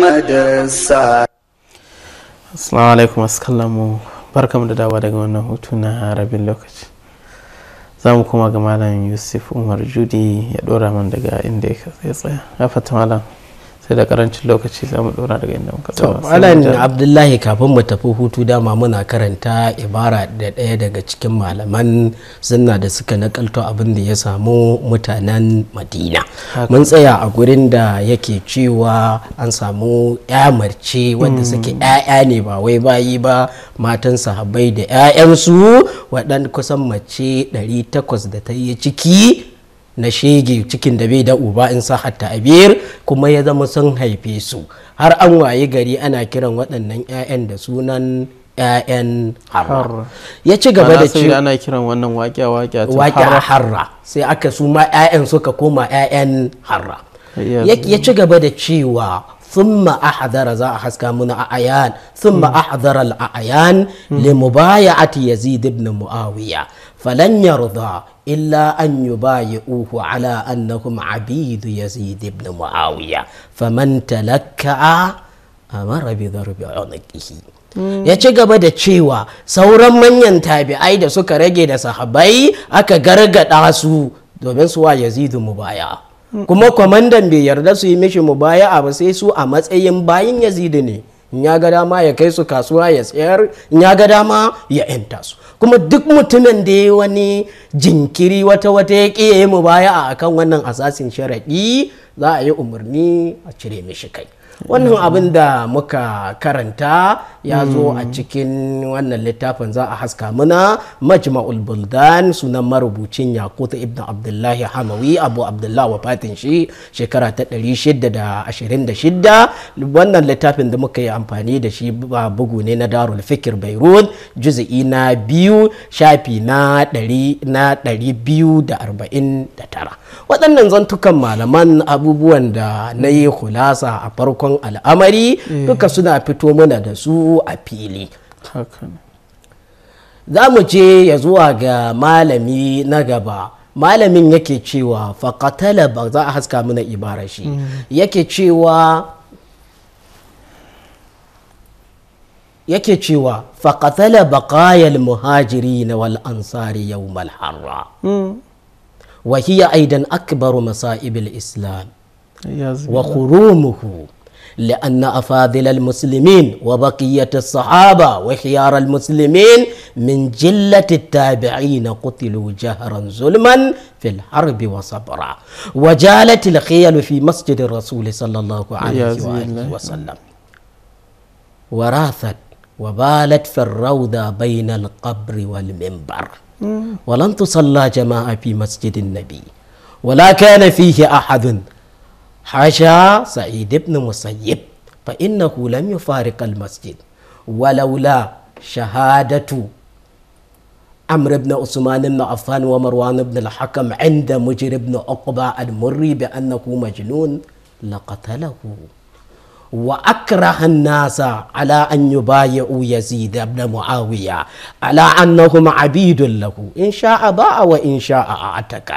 Muhammadinsa. Assalamu alaikum assalamu barkamu da dawa daga wannan hutu na rabin lokaci. Za mu kuma ga Malam Yusuf Umar Judi ya ɗora man daga inda ya tsaya. Ya fata Malam. sai da karancin lokaci za mu dora daga inda muka tsaya alan abdullahi kafin mu tafi hutu dama muna karanta ibara da ɗaya daga cikin malaman sunna da suka nakalto abin da ya samu mutanen madina mun tsaya a gurin da yake cewa an samu ya wanda hmm. suke ƴaƴa ne ba wai bayi ba matan sahabbai da ƴaƴansu waɗanda kusan mace 800 da ta yi ciki na shege cikin da bai da uba in sa hatta abiyar kuma ya zama sun haife su har an waye gari ana kiran waɗannan 'ya'yan da sunan 'ya'yan harra ya ci gaba da cewa ana kiran wannan waƙiya harra sai aka su ma 'ya'yan suka koma 'ya'yan harra ya ci gaba da cewa thumma ahdara za a haska muna a ayan thumma hmm. ahdara al ayan hmm. li mubaya'ati yazid ibn muawiya falan yarda illa an yubayi'uhu ala annahum abidu yazid ibn muawiya faman talakka amara bi darbi unqihi hmm. ya ci gaba da cewa sauran manyan tabi'ai da suka rage da sahabai aka gargada su domin suwa yazidu mu baya kuma kwamandan bai yarda su yi mishi mu mubaya'a ba sai su a matsayin bayin yazidi ne in ya ga dama ya kai su kasuwa ya tsayar in ya ga dama ya yanta su kuma duk mutumin da ya wani jinkiri wata wata ya ƙi ya yi a kan wannan asasin sharaɗi za a yi umarni a cire mishi kai wannan abin da muka karanta ya zo a hmm. cikin wannan littafin za a haska muna majma'ul buldan sunan marubucin yakuta ibn abdullahi hamawi abu abdullahi wafatin shi shekara ta 626 wannan littafin da muka yi amfani da shi ba bugu ne na darul fikir beirut juzi'i na biyu shafi na 249 waɗannan zantukan malaman abubuwan da na yi hulasa a farkon sabon al'amari eh. duka suna fito mana da su a fili za mu je ya zuwa ga malami na gaba malamin yake cewa faƙatala ba za a haska mana ibara shi mm. yake cewa yake cewa faƙatala baƙayal muhajiri na wal ansari yau malharra وهي أيضا أكبر مصائب الإسلام وخرومه لأن أفاضل المسلمين وبقية الصحابة وخيار المسلمين من جلة التابعين قتلوا جهرا ظلما في الحرب وصبرا وجالت الخيل في مسجد الرسول صلى الله عليه وآله وسلم وراثت وبالت في الروضة بين القبر والمنبر ولم تصلى جماعة في مسجد النبي ولا كان فيه أحد حاشا سعيد بن مسيب فإنه لم يفارق المسجد ولولا شهادة عمرو بن عثمان بن عفان ومروان بن الحكم عند مجر بن عقبة المري بأنه مجنون لقتله وأكره الناس على أن يبايعوا يزيد بن معاوية على أنهم عبيد له إن شاء باع وإن شاء أعتك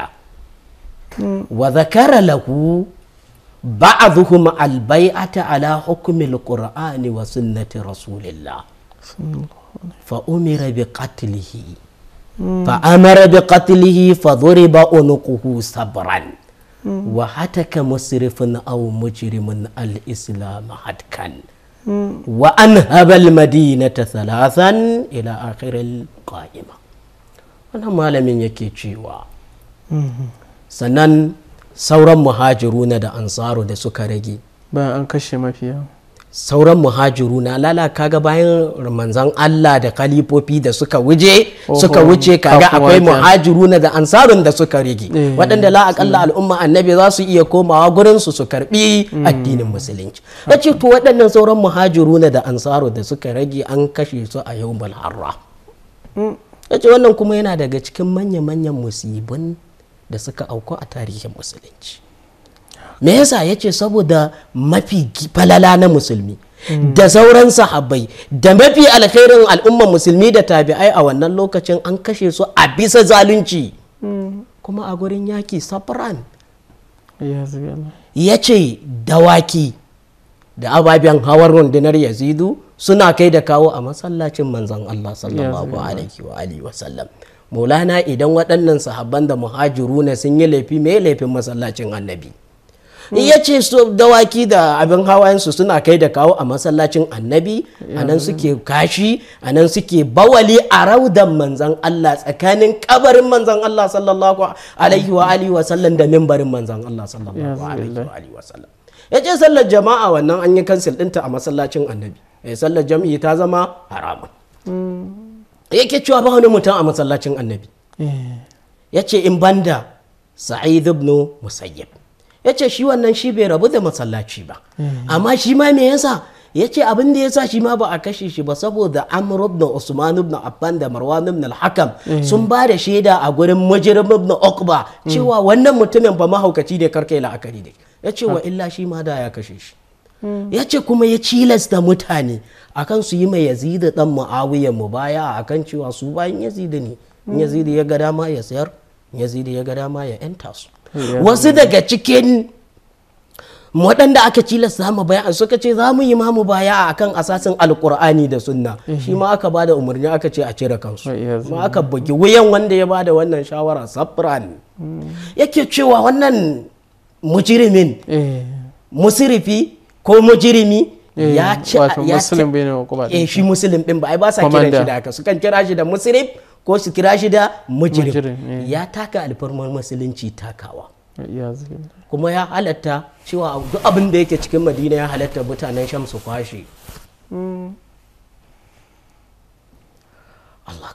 وذكر له ba'dhuhum albai'ata ala hukmi alqur'ani wa sunnati rasulillah fa umira bi qatlihi fa amara bi qatlihi fa dhuriba unuquhu sabran wa hataka musrifun aw mujrimun al-islam hadkan wa anhaba al-madinata thalathan ila akhir al wannan malamin yake cewa sannan sauran muhajiruna da ansaru da suka rage bayan an kashe mafiya sauran muhajiruna lala kaga bayan manzan Allah da kalifofi da suka wuje suka wuce kaga akwai muhajiruna da ansarun da suka rage eh, waɗanda la akalla al'umma annabi za su iya komawa gurin su su karbi hmm. addinin musulunci yace to waɗannan sauran muhajiruna da ansaru da suka rage an kashe su a yau harra hmm. yace wannan kuma yana daga cikin manya-manyan musibin da suka auku a tarihin musulunci me yasa ya ce saboda mafi falala na musulmi da sauran sahabbai da mafi alkhairin al'ummar musulmi da tabi'ai a wannan lokacin an kashe su a bisa zalunci kuma a gurin yaki safran ya ce dawaki da ababen hawar rundunar yazidu suna kai da kawo a masallacin manzon allah sallallahu alaihi wa sallam maulana idan waɗannan sahabban da muhajiru ne sun yi laifi mai laifin masallacin annabi ya ce su dawaki da abin hawayensu suna kai da kawo a masallacin annabi a suke kashi anan suke bawali a raudan manzan Allah tsakanin kabarin manzan Allah sallallahu alaihi wa alihi wa sallam da mimbarin manzan Allah sallallahu alaihi wa alihi wa sallam ya ce sallar jama'a wannan an yi kansil ɗinta a masallacin annabi eh, sallar jam'i ta zama haramun mm. yake cewa ba wani mutum a masallacin annabi eh. ya ce in banda sa'id ibn musayyib ya ce shi wannan shi bai rabu da masallaci ba eh. amma shi ma me yasa ya ce abin da yasa shi ma ba a kashe shi ba saboda amr ibn usman ibn affan da marwan ibn al-hakam eh. sun ba da shaida a gurin mujrim ibn uqba hmm. cewa wannan mutumin ba mahaukaci ne karkai la'akari ne ya ce wa illa shi ma da ya kashe shi ya ce kuma ya cilasta mutane akan su yi mai yazida dan muawiya mu baya akan cewa su bayan yazida ne yazidi ya ga dama ya sayar yazidi ya ga dama ya yanta su wasu daga cikin waɗanda aka cilasta mu baya suka ce za mu yi mamu baya akan asasin alkur'ani da sunna shi ma aka ba da umarni aka ce a cire kansu ma aka bugi wuyan wanda ya ba da wannan shawara sabran hmm. yake cewa wannan mujirimin eh. musirifi ko mujirimi eh, ya ci ya ci eh, shi musulun din ba ai ba sa kiran shi da haka kan kira shi da musrif ko su kira shi da mujirim eh. ya taka alfarmar musulunci takawa kuma ya halatta cewa duk abin da yake cikin madina ya halatta mutanen sham su kwashe hmm. Allah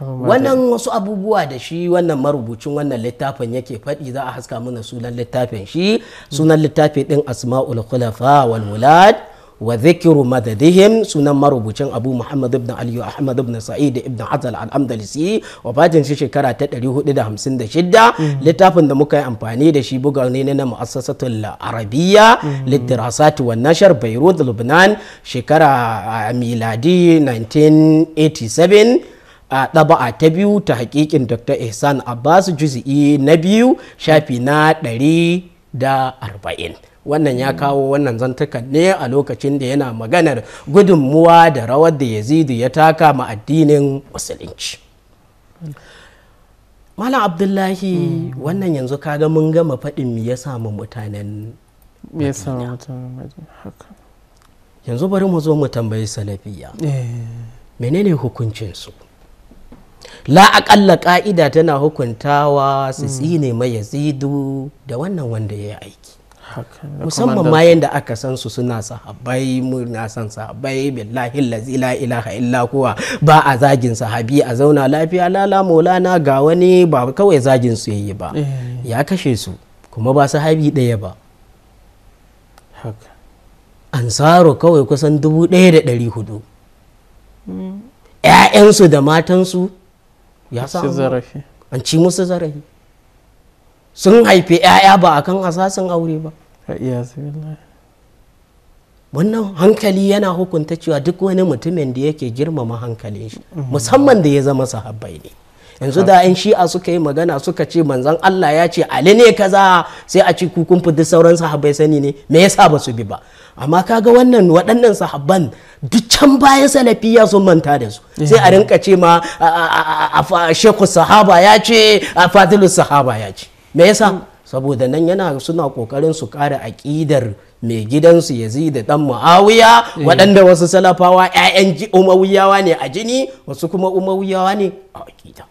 wannan wasu abubuwa da shi wannan marubucin wannan littafin yake faɗi za a haska mana sunan littafin shi sunan littafin ɗin asma'ul khulafa wal mulad wa zikiru madadihim sunan marubucin abu muhammad ibn aliyu ahmad ibn sa'id ibn hazal al-amdalisi wafatin shi shekara ta 456 mm. littafin da muka yi amfani da shi buga ne na mu'assasatul arabiyya mm. lidirasati wa nashar beirut lubnan shekara miladi 1987 a ɗaba'a ta biyu ta hakikin dr ihsan abbas juzi'i na biyu shafi na ɗari da arba'in wannan ya kawo wannan zantukan ne a lokacin da yana maganar gudunmuwa da rawar da yazidu ya taka ma addinin musulunci malam abdullahi wannan yanzu kaga mun gama faɗin ya samu mutanen yanzu bari mu zo mu tambayi salafiya eh. menene hukuncinsu la aƙalla ƙa'ida tana hukuntawa su hmm. tsine mai yazidu da wannan wanda ya yi aiki musamman ma yadda aka san su suna sahabai muna san sahabai billahi lazi la ilaha illa kuwa ba a zagin sahabi a zauna lafiya lala maulana ga wani ba kawai zagin su yayi ba eh. ya kashe su kuma ba sahabi ɗaya ba ansaro kawai kusan dubu ɗaya da ɗari hudu hmm. ‘ya'yansu da matansu ya samu zarafi an ci musu zarafi sun haife 'ya'ya ba a kan asasin aure ba wannan hankali yana hukunta cewa duk wani mutumin da yake girmama hankalin shi mhm. musamman da ya zama sahabbai ne yanzu da in shi'a suka yi magana suka ce manzan Allah ya ce ali ne kaza sai a ci kukun duk sauran sahabbai sani ne me yasa ba su bi ba amma kaga wannan waɗannan sahabban duk can baya salafiya sun manta da su eh. sai a rinka ce ma sheku sahaba ya ce a sahaba ya ce me yasa mm. saboda nan yana suna kokarin su kara aƙidar mai gidansu zai da ɗan ma'awiya eh. waɗanda wasu salafawa 'ya'yan umawiyawa ne a jini wasu kuma umawiyawa ne a aƙida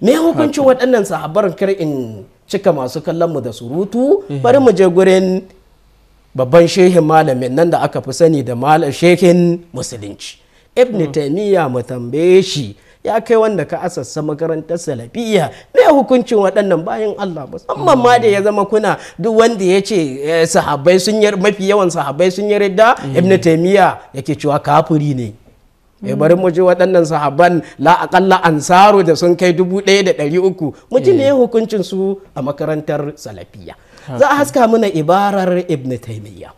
me hukuncin waɗannan sahabbar kar in cika masu kallon mu da surutu eh. bari mu je gurin babban shehin malamin nan da aka fi sani da malam shehin musulunci ibn mm. taimiyya mu tambaye shi ya kai wanda ka asassa makarantar salafiya me hukuncin waɗannan bayan Allah musamman ma da ya zama kuna duk wanda ya ce eh, sahabbai sun yi mafi yawan sahabbai sun yi ridda. Mm. ibn taimiyya yake cewa kafuri ne e bari mu ji waɗannan sahabban la aqalla ansaru da sun kai dubu ɗaya da ɗari uku mu ji mm. me hukuncin su a makarantar salafiya za a haska mana ibarar ibn taimiyya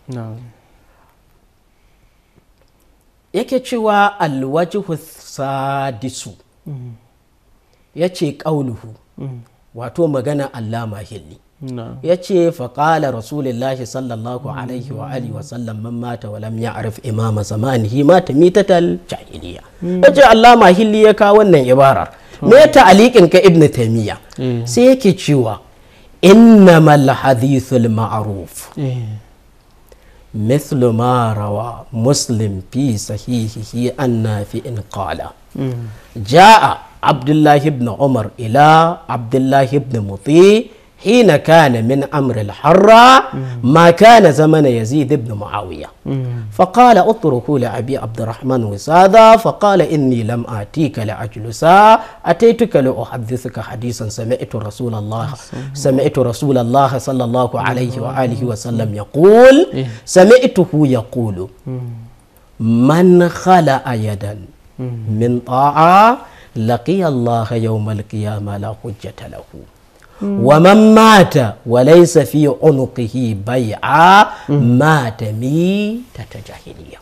yake cewa alwajihu sadisu mm-hmm. ya ce ƙauluhu mm-hmm. wato magana allama mahilli ya ce faƙala rasulullahi sallallahu alaihi wa alihi wa sallam man mata wa lam ya'rif imama hi mata mitatal jahiliya mm. ya ce allama mahilli ya kawo wannan ibarar mm. me ta alikin ka ibnu taymiya eh. sai yake cewa إنما الحديث المعروف إيه. مثل ما روى مسلم في صحيحه أن نافع قال إيه. جاء عبد الله بن عمر إلى عبد الله بن مطيع حين كان من أمر الحرة ما كان زمن يزيد بن معاوية فقال اتركوا لأبي عبد الرحمن وسادة فقال إني لم آتيك لأجلسا أتيتك لأحدثك حديثا سمعت رسول الله سمعت رسول الله صلى الله عليه وآله وسلم يقول سمعته يقول من خلأ يدا من طاعة لقي الله يوم القيامة لا حجة له Mm. wa man mata wa laysa fi unqihi bai'a mm. mata mi ta jahiliya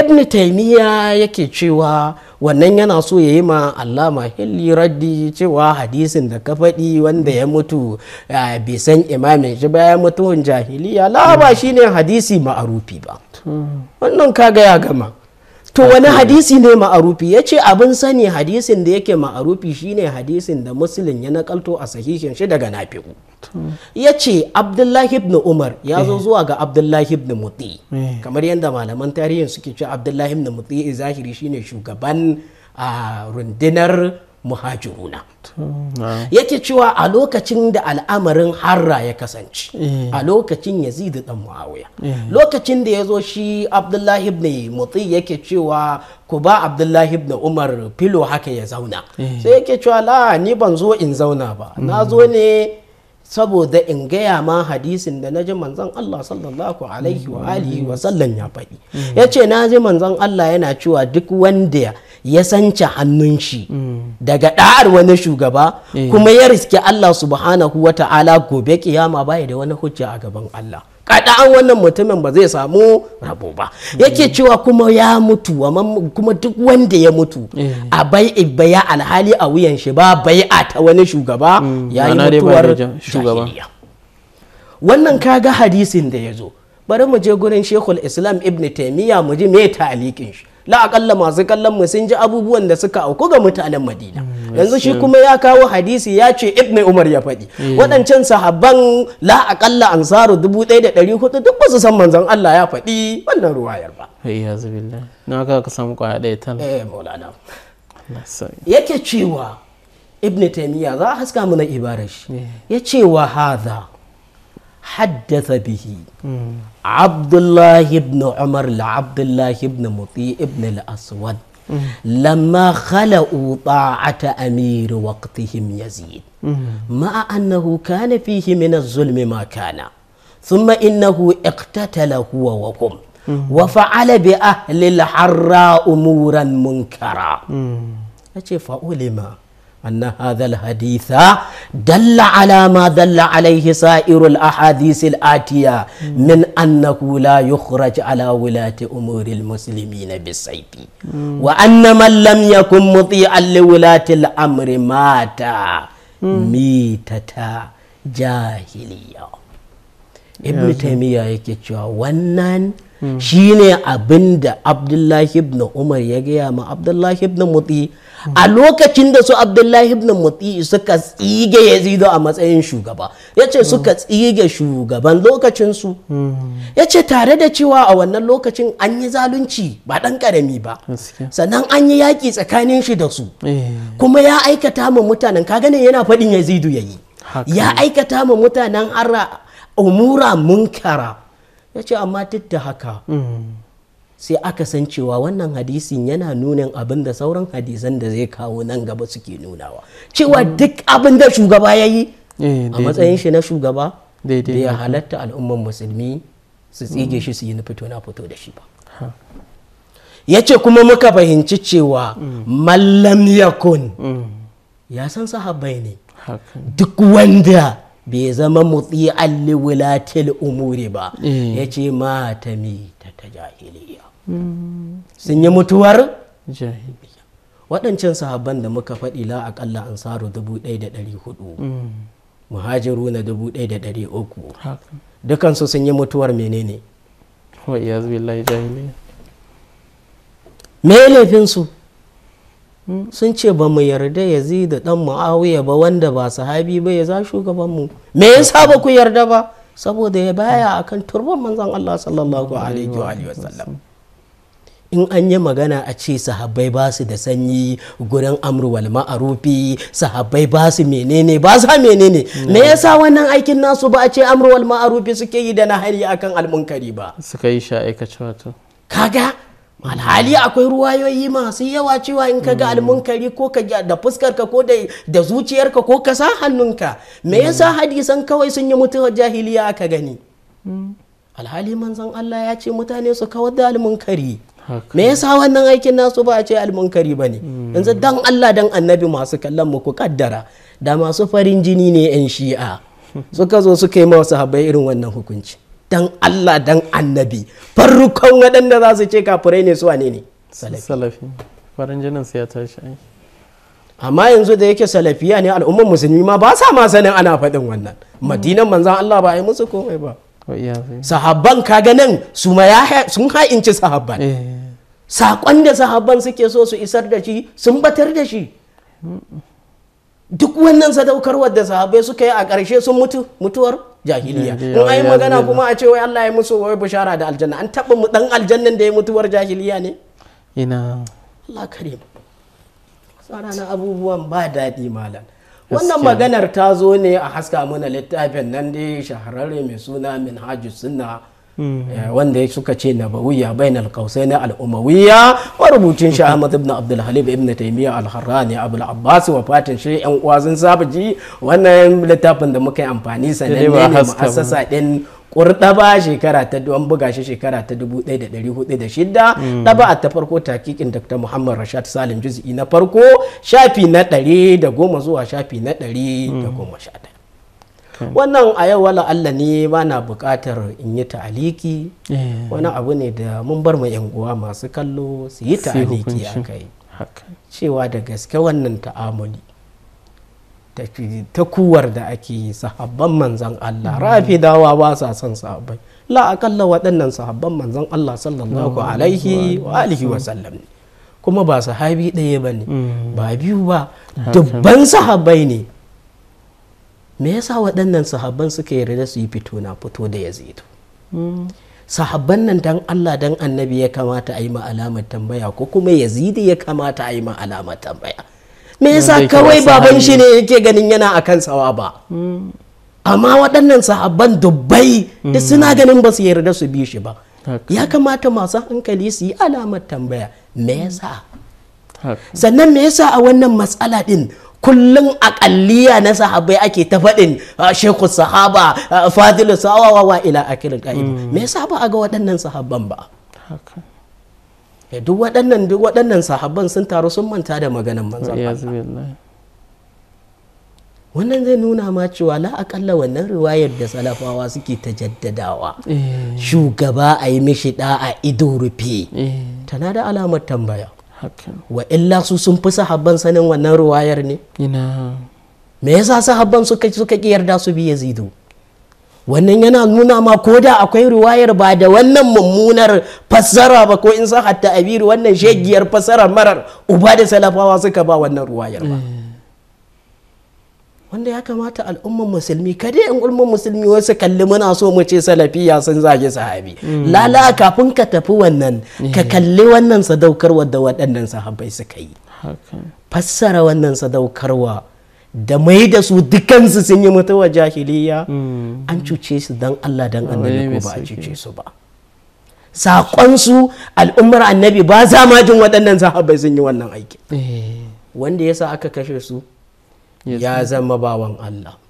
ibn taymiya yake cewa wannan yana so ya yi ma allama hilli raddi cewa hadisin da ka faɗi wanda ya mutu bai san imamin shi ba ya mutuwan jahiliya la ba mm. shine hadisi ma'arufi ba wannan kaga ya gama to wani hadisi ne ma'arufi ya ce abin sani hadisin da yake ma'arufi shine hadisin da musulun ya nakalto a sahihin shi daga nafi'u ya ce abdullahi ibn umar ya zo eh. zuwa ga abdullahi ibn muti eh. kamar yadda malaman tarihin suke ce abdullahi ibn muti zahiri shine shugaban a ah, rundunar muhajiruna hmm, yake cewa a lokacin da al'amarin harra ya kasance eh. a lokacin yazid dan muawiya eh. lokacin da ya zo shi abdullahi ibn mutsi yake cewa ku ba abdullahi ibn umar filo haka ya zauna eh. sai yake cewa la ni ban zo in zauna ba hmm. na zo ne saboda in gaya ma hadisin da na ji manzon Allah sallallahu alaihi wa hmm. alihi wa sallam ya faɗi yace na ji manzon Allah yana cewa duk wanda ya sanci hannun shi daga da'ar wani shugaba eh. kuma ya riske Allah subhanahu wa ta'ala gobe kiyama baya da wani hujja a gaban Allah kada'an wannan mutumin ba zai samu rabo ba yake mm. cewa kuma ya mutu kuma duk wanda ya mutu eh. a bai baya alhali a wuyan shi ba bai a ta wani shugaba mm. ya yi mutuwar wannan kaga hadisin da ya zo bari mu je gurin shekul islam ibn taimiyya mu ji me alikin shi la masu kallon mu sun ji abubuwan da suka auku ga mutanen madina mm, yanzu shi kuma ya kawo hadisi ya ce ibn umar ya faɗi mm. waɗancan sahabban la akalla ansaru dubu ɗaya da ɗari hudu duk su san manzon Allah ya faɗi wannan ruwayar ba na ka ka samu kwaya ɗaya tal eh maulana yake cewa ibn taymiya za a haska mana ibarar shi eh. ya ce wa hadha حدث به عبد الله بن عمر لعبد الله بن مطيع بن الأسود لما خلقوا طاعة أمير وقتهم يزيد مع أنه كان فيه من الظلم ما كان ثم إنه اقتتل هو وهم وفعل بأهل الحراء أمورا منكرا أجي ما أن هذا الحديث دل على ما دل عليه سائر الأحاديث الآتية من أنه لا يخرج على ولاة أمور المسلمين بالسيف وأن من لم يكن مطيعا لولاة الأمر مات ميتة جاهلية ابن تيمية يكتشف ونن shine abin da abdullahi ibn umar ya gaya ma abdullahi ibn mutsi a lokacin da su abdullahi ibn mutsi suka tsige yazido a matsayin shugaba ya ce suka tsige shugaban lokacinsu ya ce tare da cewa a wannan lokacin an yi zalunci ba dan karami ba sannan an yi yaƙi tsakanin shi da su eh. kuma ya aikata ma mutanen Ka ganin yana faɗin yazidu ya yi ya aikata ma mutanen umura munkara ya ce amma duk da haka sai aka san cewa wannan hadisin yana nunin abin da sauran hadisan da zai kawo nan gaba suke nunawa cewa mm. duk abin da shugaba ya yi eh, a matsayin shi na shugaba da ya halatta al'umman musulmi su tsige mm. shi su yi fito na fito da shi ba ya ce kuma muka fahimci cewa mm. mallam yakun ya san sahabbai ne duk wanda bai zama mutsi alli wulatil umuri ba eh. ya ce matami ta ta jahiliya sun yi mutuwar jahiliya waɗancan sahabban da muka faɗi la aƙalla ansaru 1400 mm. muhajiru na 1300 dukansu sun yi mutuwar menene wa iyazu billahi jahiliya me laifinsu sun ce ba mu yarda ya zai da dan muawiya ba wanda ba sahabi ba ya za shugaban mu me yasa ba ku yarda ba saboda ya baya akan turban manzon Allah sallallahu alaihi wa sallam in an yi magana a ce sahabbai ba su da sanyi gurin amurwal ma'arufi sahabbai ba su menene ba su menene me sa wannan aikin nasu ba a ce amurwal ma'arufi suke yi da na hari akan almunkari ba suka yi sha'aikaci wato kaga alhali akwai ruwayoyi masu yawa cewa in ka ga mm. almunkari ko ka da fuskarka ko da zuciyarka ko ka sa hannunka me mm. yasa hadisan kawai sun yi mutuwar jahiliya aka gani mm. alhali manzon Allah ya ce mutane su kawar da almunkari me yasa wannan aikin nasu ba a ce almunkari ba ne yanzu dan Allah dan annabi masu kallon mu ku kaddara da masu farin jini ne yan shi'a suka zo suka yi masu habai irin wannan hukunci dan Allah dan annabi farrukan waɗanda za su ce kafirai ne su wane ne salafi farin jinin sai ya tashi ai amma yanzu da yake salafiya ne al'ummar musulmi ma ba sa ma sanin ana faɗin wannan madinan manzan Allah ba a yi musu komai ba sahabban kaga nan su ma sun ha'inci sahabban eh. Sakon da sahabban suke so su isar da shi sun batar da shi duk wannan sadaukarwar da sahabbai suka yi a ƙarshe sun mutu mutuwar jahiliya in ai magana kuma a ce wai Allah ya musu wai bishara da aljanna an taba mu dan aljannan da ya mutuwar jahiliya ne ina Allah karim na abubuwan ba daɗi malam wannan maganar ta zo ne a haska mana littafin nan dai shahararre mai suna min sunna Mm. Eh, wanda suka ce na na bainal na al umawiyya marubucin shi Ahmad ibn Abdul Halib ibn Taimiyya al Harrani Abul Abbas fatin shi yan uwa sun saba ji wannan littafin da muka yi amfani sananne ne mu'assasa din kurɗaba shekara ta an buga shi shekara ta 1406 mm. ɗaba a ta farko takikin dr muhammad rashad salim juz'i na farko shafi na 110 zuwa shafi na 111 wannan a yau wala Allah ne ba na buƙatar in yi ta'aliki eh. wani abu ne da mun bar mai 'yan uwa masu kallo su yi ta'aliki a kai cewa da gaske wannan ta'amuli ta kuwar da ake yi sahabban manzan Allah mm. rafi dawa ba sa son sahabbai la akalla waɗannan sahabban manzan Allah sallallahu alaihi wa alihi wa sallam kuma ba sahabi ɗaya ba ne mm. ba biyu ba dubban sahabbai ne me yasa waɗannan sahabban suka yarda su yi fito na fito da yazidu hmm. sahabban nan dan Allah dan annabi ya kamata a yi ma alamar tambaya ko kuma yazidi ya kamata a yi ma alamar tambaya me yasa kawai baban shi ne yake ganin yana akan sawa ba hmm. amma waɗannan sahabban dubbai da hmm. suna ganin ba su yarda su bi shi ba ya kamata masu hankali su yi alamar tambaya me yasa sannan me yasa a wannan matsala din kullum akalliya na sahabai ake ta faɗin ah, sheku sahaba ah, fadilu sawawa wa ila akirin mm. me yasa ba a ga waɗannan sahabban ba eh, duk waɗannan duk waɗannan sahabban sun taru sun manta da maganan manzon wannan zai nuna ma cewa la akalla wannan riwayar da salafawa suke ta jaddadawa eh. shugaba a yi mishi da'a ido rufe eh. tana da alamar tambaya wa illa su sun fi sahabban sanin wannan ruwayar ne me yasa sahabban suka suka ki yarda su bi yazidu wannan yana nuna ma ko da akwai ruwayar ba da wannan mummunar fassara ba ko in sa hatta abiru wannan shegiyar fassarar marar uba da salafawa suka ba wannan ruwayar ba eh. wanda ya kamata al'ummar musulmi kada yan ulman musulmi wasu kalli muna so mu ce salafiya sun zage sahabi hmm. lala kafin ka tafi wannan eh. ka kalli wannan sadaukarwa da waɗannan sahabbai suka yi fassara wannan sadaukarwa da mai da su dukansu sun yi mutuwa jahiliya hmm. an cuce su don Allah don annabi ko ba a cuce su ba saƙonsu al'ummar annabi ba za ma jin waɗannan sahabbai sun yi wannan aiki eh. wanda yasa aka kashe su ya zama bawan Allah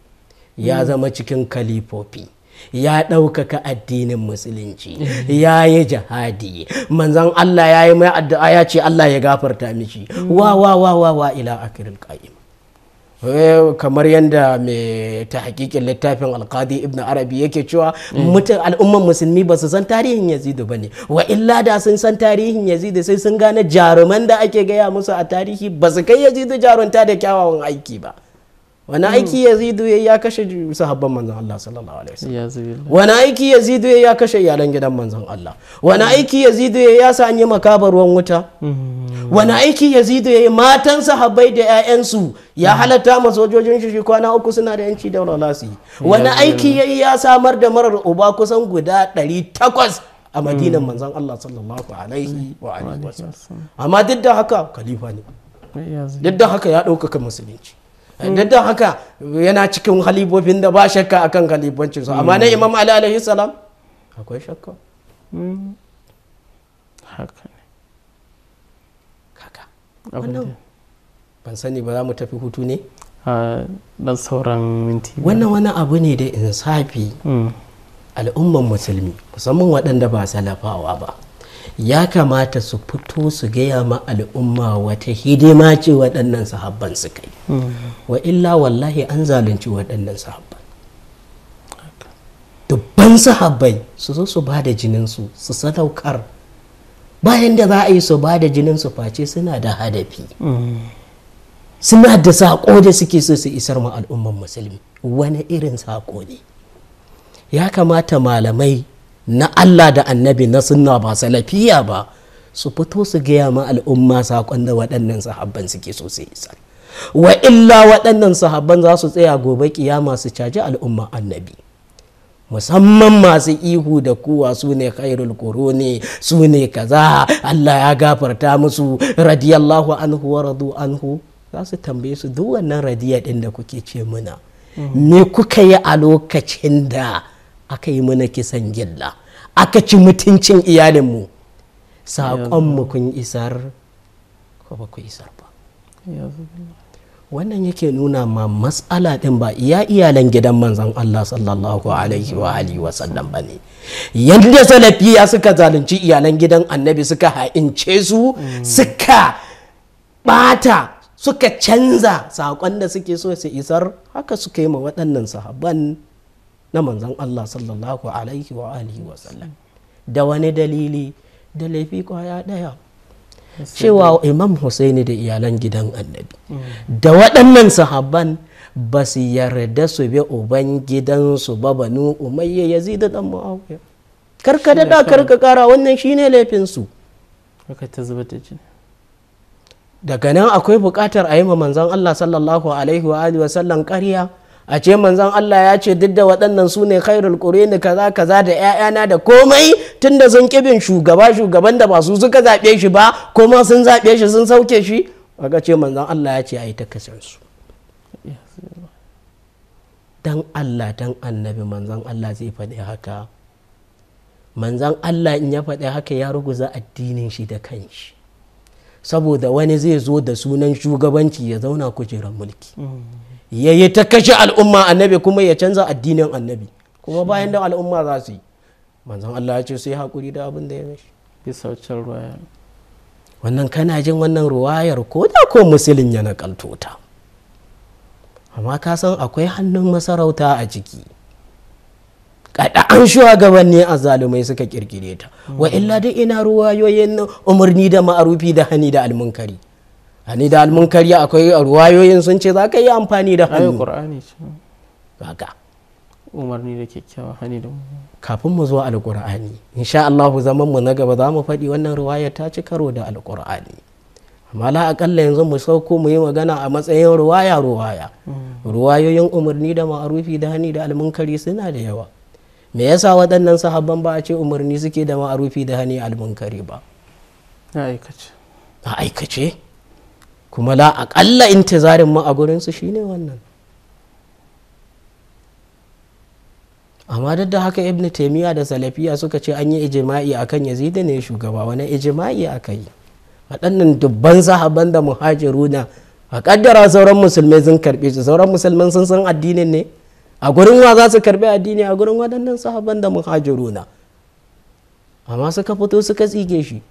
ya hmm. zama cikin kalifofi ya ɗaukaka addinin musulunci hmm. ya yi jihadi manzan Allah ya yi mai addu'a ya ce Allah ya gafarta miki hmm. wa wa wa wa wa ila akirin qa'im eh, kamar yadda mai ta hakikin littafin alƙadi ibn arabi yake cewa mutum al'umman musulmi ba su san tarihin yazidu ba ne wa illa da sun san tarihin yazidu sai sun gane jaruman da ake gaya musu a tarihi ba su kai yazidu jarunta da kyawawan aiki ba wani hmm. aiki yazidu zidu ya kashe sahabban manzon Allah sallallahu alaihi wasallam wani aiki yazidu zidu ya kashe iyalan gidan manzon Allah wani hmm. aiki yazidu zidu ya yi makabar ruwan wuta hmm. wani aiki yazidu yi matan sahabbai da ya'yansu ya halatta ma sojojin shi kwana uku suna da yanci da walasi wani aiki yi ya samar da marar uba kusan guda 800 a madinan manzan Allah sallallahu alaihi wa alihi wasallam amma duk da haka khalifa ne duk da haka ya ɗaukaka musulunci Eh, duk haka yana cikin halibobin da ba shakka akan halibancin su amma na imam ali alaihi salam akwai shakka hmm. haka kaka ban sani ba za mu tafi hutu ne ah, dan sauran minti wannan wani abu ne da insafi hmm. al'umman musulmi musamman waɗanda ba salafawa ba ya kamata su fito su gaya ma al'umma wata hidima ce waɗannan sahabban su kai wa illa wallahi an zalunci waɗannan sahabban dubban sahabbai su zo su ba da jininsu su sadaukar bayan da za a yi su ba da jininsu face suna da hadafi suna da saƙo da suke so su isar ma al'umman musulmi wani irin saƙo ne ya kamata malamai na Allah da annabi na sunna ba salafiya ba su fito su gaya ma al'umma saƙon da waɗannan sahabban suke so sai isa wa illa waɗannan sahabban za su tsaya gobe kiyama su caji al'umma annabi musamman masu ihu da kuwa su ne khairul korone su ne kaza Allah ya gafarta musu radiyallahu anhu wa radu anhu za su tambaye su duk wannan radiya din da kuke ce muna me kuka yi a lokacin da aka yi mana kisan gilla aka ci mutuncin iyalinmu saƙonmu kun isar ko ba ku isar ba wannan yake nuna ma matsala ɗin ba iya iyalan gidan manzan Allah sallallahu alaihi wa alihi wa sallam ba ne yadda salafiya suka zalunci iyalan gidan annabi suka ha'ince su suka bata suka canza saƙon da suke so su isar haka suka yi ma waɗannan sahabban na manzon Allah sallallahu alaihi wa alihi wa sallam da wani dalili da laifi kwaya daya cewa imam Husaini da iyalan gidan annabi mm. da waɗannan sahabban ba su yarda su bi uban gidansu ba banu umayya yazid dan muawiya karka da da karka kara wannan shine laifin su daga nan akwai bukatar a yi ma manzon Allah sallallahu alaihi wa alihi wa sallam ƙarya a ce manzon Allah ya ce duk da waɗannan su ne khairul quruni kaza kaza da ƴaƴana da komai tunda sun kibin shugaba shugaban da basu suka zaɓe shi ba kuma sun zaɓe shi sun sauke shi aka ce manzon Allah ya ce a yi ta kasansu dan Allah dan annabi manzon Allah zai faɗi haka manzon Allah in ya faɗi haka ya ruguza addinin shi da kanshi saboda wani zai zo da sunan shugabanci ya zauna kujerar mulki mm. ya yi ta kashe al'umma annabi kuma ya canza addinin annabi kuma bayan da al'umma za su yi manzon Allah ya ce sai hakuri da abin da ya mashi bisa ruwaya wannan kana jin wannan ruwayar ko da ko musulun ya nakalto ta amma ka san akwai hannun masarauta a ciki kaɗa'an shugabanni a zalumai suka kirkire ta wa illa da ina ruwayoyin umarni da ma'arufi da hani da almunkari hani da almunkari akwai ruwayoyin sun ce za ka yi amfani da hannu ce haka umarni da kyakkyawa hani da kafin mu zuwa al'ƙur'ani insha Allah zaman mu na gaba za mu faɗi wannan ruwaya ta ci karo da al'ƙur'ani amma la akalla yanzu mu sauko mu yi magana a matsayin ruwaya ruwaya mm. ruwayoyin umarni da ma'arufi da hani da almunkari suna da yawa me yasa waɗannan sahabban ba a ce umarni suke da ma'arufi da hani almunkari ba a aikace a aikace kuma la aƙalla intizarin mu a gurinsu shine wannan amma duk da haka ibn taimiyya da salafiya suka ce an yi ijima'i akan yazid ne shugaba wani ijima'i a yi waɗannan dubban sahaban da muhajiruna a kaddara sauran musulmai sun karbe su sauran musulman sun san addinin ne a gurin wa za su karbe addini a gurin waɗannan sahaban da muhajiruna amma suka fito suka tsige shi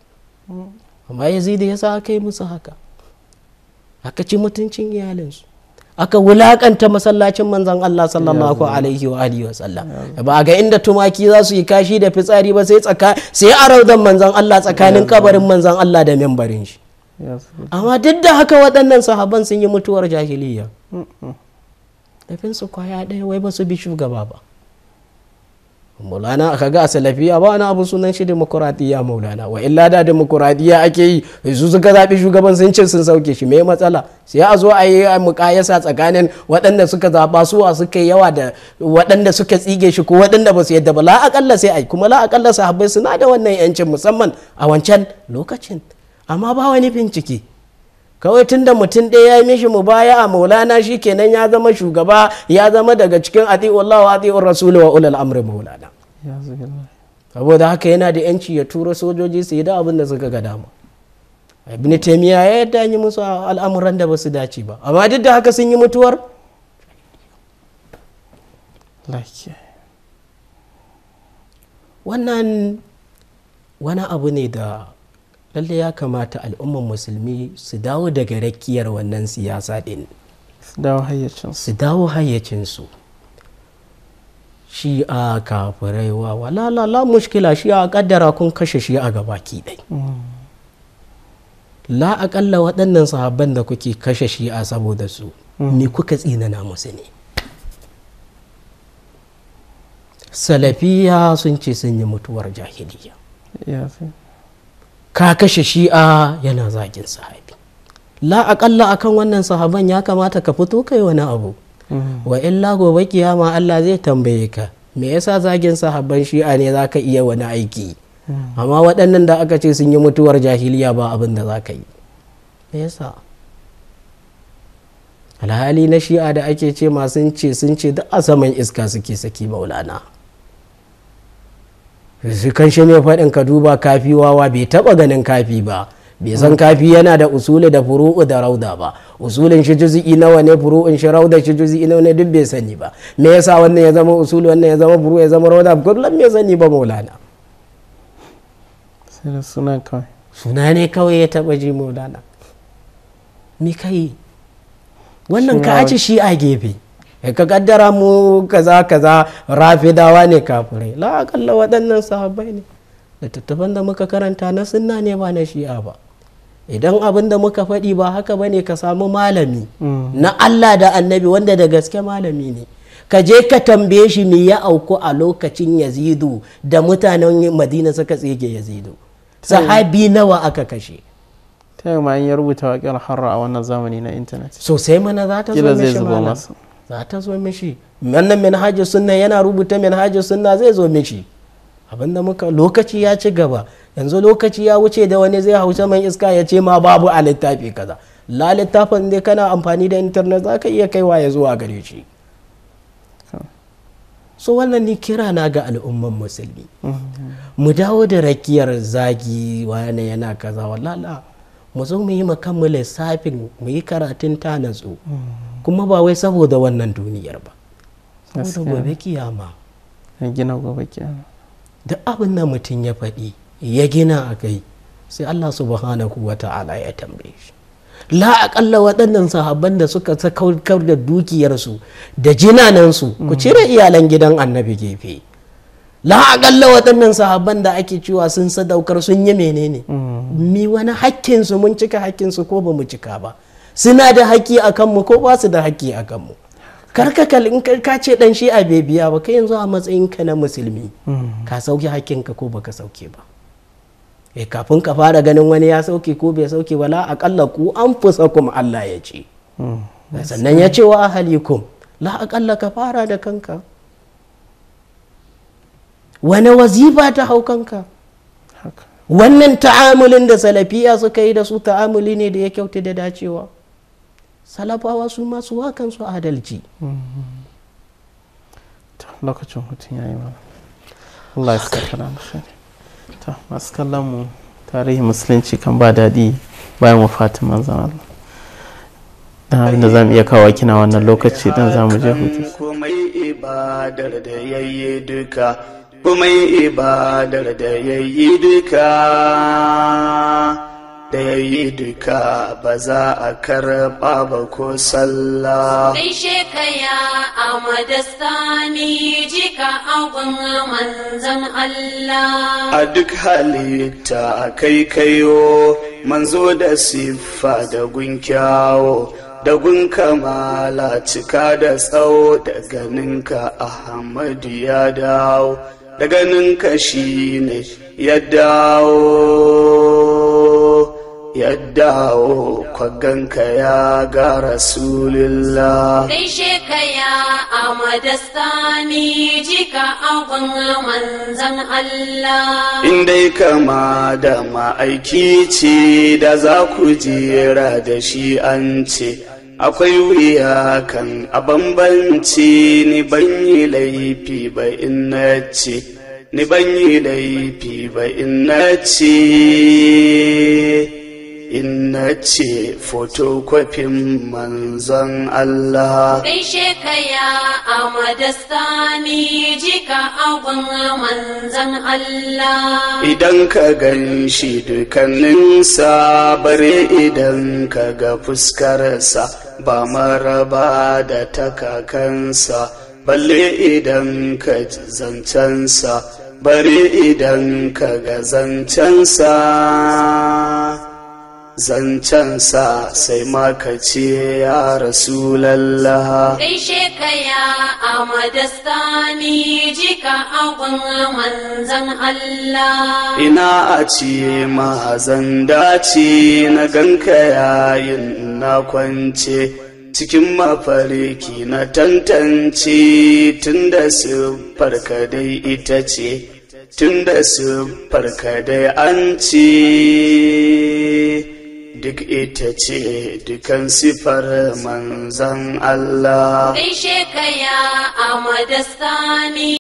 amma yazidi ya sa aka yi musu haka aka ci mutuncin iyalinsu aka wulaƙanta masallacin manzon Allah sallallahu alaihi wa alihi wa ba ga inda tumaki za su yi kashi da fitsari ba sai tsaka sai araudan manzon Allah tsakanin kabarin manzon Allah da membarin shi amma duk da haka waɗannan sahaban sun yi mutuwar jahiliya su kwaya ɗaya wai ba su bi shugaba ba maulana aka ga salafiya ba wani abu sunan shi demokuraɗiyya maulana wa illa da demokuraɗiyya ake yi su suka zaɓi shugaban sun ce sun sauke shi mai matsala sai a zo a yi a mukayasa tsakanin waɗanda suka zaɓa suwa suka yawa da waɗanda suka tsige shi ko waɗanda ba su yadda ba la'akalla sai a kuma la'akalla sahabbai suna da wannan yancin musamman a wancan lokacin amma ba wani bincike kawai tun da mutum ɗaya ya yi mishi mu baya a maulana shi kenan ya zama shugaba ya zama daga cikin ati'ullah wa ati'ur rasulu wa ulal amri maulana saboda haka yana da yanci ya tura sojoji su yi da abin da suka ga dama ibn taymiya ya yadda yi musu al'amuran da basu dace ba amma duk da haka sun yi mutuwar wannan wani abu ne da lalle ya kamata al'umman musulmi su dawo daga rakiyar wannan siyasa din su dawo hayyacinsu shi a kafirai wa wala mushkila shi a kaddara kun kashe shi a gabaki ɗai mm. la akalla waɗannan sahabban da kuke kashe shi a saboda su mm. ni kuka tsinana musu ne salafiya sun ce sun yi mutuwar jahiliya ka kashe shi'a yana zagin sahabi la aƙalla akan wannan sahaban ya kamata ka fito kai wani abu mm-hmm. wa illa gobe kiyama Allah zai tambaye ka me yasa zagin sahabban shi'a ne zaka iya wani aiki mm-hmm. amma waɗannan da aka ce sun yi mutuwar jahiliya ba abin da zaka yi me yasa alhali na shi'a da ake ce masu ce sun ce duk a saman iska suke saki maulana kan shi ne faɗin ka duba kafi wawa bai taɓa ganin kafi ba bai san kafi yana da usuli da furu'u da rauda ba usulin shi juzi'i nawa ne furu'un shi rauda shi juzi'i nawa ne duk bai sani ba me yasa wannan ya zama usuli wannan ya zama furu'u ya zama rauda kullum bai sani ba maulana suna kawai suna ne kawai ya taɓa ji maulana me kai wannan ka aci shi a gefe ka kaddara mu kaza kaza rafidawa ne kafirai la akalla waɗannan sahabbai ne littattafan da muka karanta na sunna ne ba na shi'a ba idan abin da muka faɗi ba haka ba ne ka samu malami mm. na Allah da annabi wanda da gaske malami ne ka je ka tambaye shi me ya auku a lokacin yazidu da mutanen madina suka tsege yazidu sahabi nawa aka kashe ta yi ya rubuta waƙiyar harra a wannan zamani na intanet sosai mana za ta zo mishi za ta zo mishi wannan manhajar sunna yana rubuta manhajar sunna zai zo mishi abinda muka lokaci ya ci gaba yanzu lokaci ya wuce da wani zai hausa man iska ya ce ma babu a littafi kaza la littafin dai kana amfani da intanet za ka iya kaiwa ya zuwa gare shi so wannan ni kira na ga al'umman musulmi mu dawo da rakiyar zagi wani yana kaza wallala mu zo mu yi kanmu lissafin mu yi karatun tanatsu kuma ba wai saboda wannan duniyar ba saboda gobe kiyama gina gobe kiyama da abin da mutum ya faɗi ya gina a kai sai Allah subhanahu wata ta'ala ya tambaye shi la aƙalla waɗannan sahabban da suka sakaukar da dukiyarsu da jinanansu ku mm. cire iyalan gidan annabi gefe la aƙalla waɗannan sahabban da ake cewa sun sadaukar sun yi menene mm. mi wani hakkinsu mun cika hakkinsu ko ba mu cika ba suna da haƙƙi a kanmu ko ba su da haƙƙi a kanmu karkakal in ka ce dan shi a bebiya ba kai yanzu a matsayin ka na musulmi mm. ka sauke haƙƙinka ko baka sauke ba e kafin ka fara ganin wani ya sauke ko bai sauke ba la aqalla ku kuma Allah ya ce mm. eh, sannan ya ce wa ahalikum la aqalla ka fara da kanka wani wazifa ta hau kanka wannan ta'amulin da salafiya suka yi da su ta'amuli ne da ya kyauta da dacewa salafawa su masu wakan su adalci lokacin hutun yayi ma. Allah ya saka na ta masu kallon mu tarihi musulunci kan ba daɗi bayan wafatin fatima Allah dan abin da zamu iya kawo kina wannan lokaci dan zamu je hutu komai ibadar da duka komai ibadar da yayi duka da ya yi duka ba za a karɓa ba ko sallah. Sai shekaya a madastani jika abin manzan Allah. A duk halitta a kai kayo manzo da siffa da gunkyawo da gun kamala cika da tsawo da ganinka ahmadu ya dawo da ganinka shi ne ya dawo ya dawo kwaganka ya ga rasulillah gaishe ka ya amadastani jika abin manzan Allah in dai kama da ma'aiki ce da za ku jera da shi an ce akwai wuya kan a bambanci ni ban yi laifi ba in ce ni ban yi laifi ba ce inna ce fotokofin manzan Allah. Gaishe ka ya amadastani jika abin manzan Allah. Idan ka gan shi dukanninsa bare idan ka ga fuskarsa ba maraba da takakansa balle idan ka zancensa bare idan ka ga zancensa. Zancen sa, sai maka ce ya rasulallah gaishe ka ya amadastani jika abin manzan Allah ina a ce mahazan dace na ganka yayin na kwance cikin mafariki na tantance tun da siffarka dai ita ce tun da siffarka dai an ce duk ita ce dukan sifar manzan Allah. Gaishe ka a Amadu Sani.